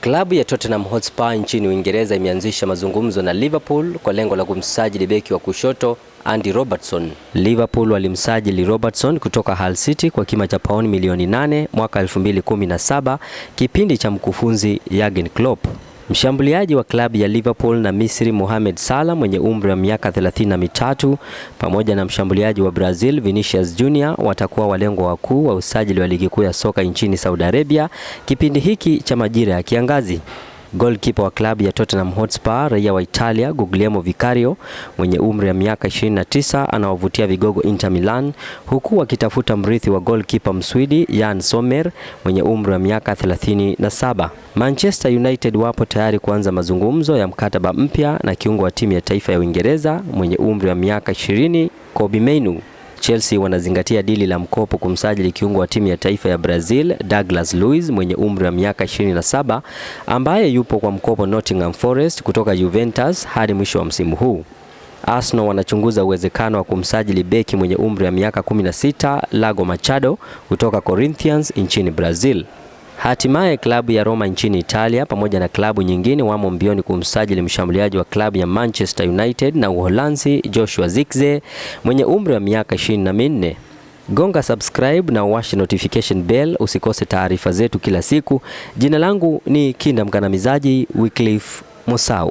Klabu ya Tottenham Hotspur nchini Uingereza imeanzisha mazungumzo na Liverpool kwa lengo la kumsajili beki wa kushoto Andy Robertson. Liverpool walimsajili Robertson kutoka Hull City kwa kima cha paoni milioni 8 mwaka 2017 kipindi cha mkufunzi Jurgen Klopp. Mshambuliaji wa klabu ya Liverpool na Misri Mohamed Salah mwenye umri wa miaka 33 pamoja na mshambuliaji wa Brazil Vinicius Junior watakuwa walengwa wakuu wa usajili wa ligi kuu ya soka nchini Saudi Arabia kipindi hiki cha majira ya kiangazi. Goalkeeper wa klabu ya Tottenham Hotspur raia wa Italia Guglielmo Vicario mwenye umri wa miaka 29 anawavutia vigogo Inter Milan huku akitafuta mrithi wa goalkeeper Mswidi Jan Sommer mwenye umri wa miaka 37. Manchester United wapo tayari kuanza mazungumzo ya mkataba mpya na kiungo wa timu ya taifa ya Uingereza mwenye umri wa miaka 20 Kobbie Mainoo. Chelsea wanazingatia dili la mkopo kumsajili kiungo wa timu ya taifa ya Brazil Douglas Luiz mwenye umri wa miaka 27 ambaye yupo kwa mkopo Nottingham Forest kutoka Juventus hadi mwisho wa msimu huu. Arsenal wanachunguza uwezekano wa kumsajili beki mwenye umri wa miaka 16 Lago Machado kutoka Corinthians nchini Brazil. Hatimaye klabu ya Roma nchini Italia pamoja na klabu nyingine wamo mbioni kumsajili mshambuliaji wa klabu ya Manchester United na Uholanzi Joshua Zirkzee mwenye umri wa miaka 24. Gonga subscribe na washi notification bell usikose taarifa zetu kila siku. Jina langu ni Kinda Mkandamizaji Wycliffe Mosau.